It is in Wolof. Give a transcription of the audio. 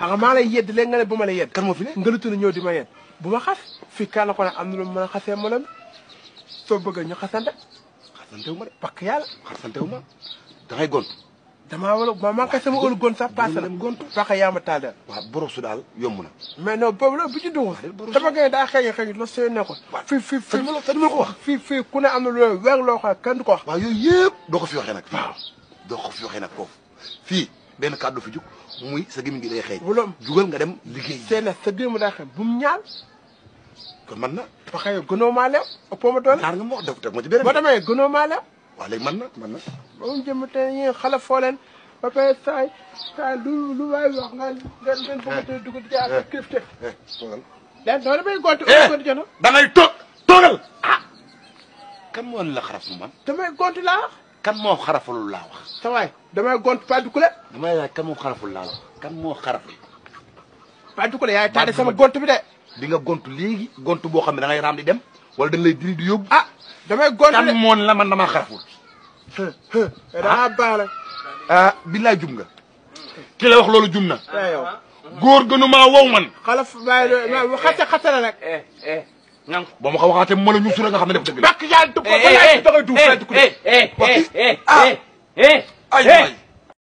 a nga maa lay yedd léegi nga ne bu ma lay yedd. kan moo fi ne nga lutti na ñëw di ma yedd bu ma xas fii kaan ko ne am na lu ma mën a xasee mënam soo bëgg ñu xasante. xasante wu ma de bakk yàlla. xasante wu ma da ngay gont. damaa war a ma manqué sama ëllëg gont gon paase la gont paaka yaa ma taal daal. waaw borosu daal yomb na. mais non boobu la bu ci dugg. dama gën daa xëy xëy loo sooy ne ko. waaw fii fii ku ne am na loo weer loo xam kenn du ko wax. waaw yooyu yëpp doo ko benn kàddu fi jug muy sa gémmiñ gi day xeeñ. jugal nga dem liggéey. seen sa démb daa xam bu mu ñaal. kon man na. ba xëy gënoo maa leew ëppoo ma doole. ñaar nga ma wax ma ci beneen. boo demee man na man na. ba mu jëm te ñii xale foo leen ba pare saa saa lu lu waay wax nga nga ngeen bëgg a dugg di jaar kër teg. toogal. léegi eh, noonu ah. kan moo la xaraf mu man. damay gonti laa. kan moo xaraful la wax. sa waay damay gont Paa Dukkule. damay laaj kan moo xaraful laa wax kan moo xaraful. Paa Dukkule yaay taale sama gont bi de. di nga gont léegi gont boo xam ne da ngay dem wala da nga di yóbbu. ah damay gont de kan moon la man damaa xaraful. ah baax ah jum nga. ki la wax loolu jum na. Eh, góor gënu maa wow man. xalaf bàyyi xase xase la nag. ñan ko boo ma ko waxaatee ma la ñu sura nga xam ne def dëgg la. bakk yàlla dugg ko ba laaj dugg ko duuf.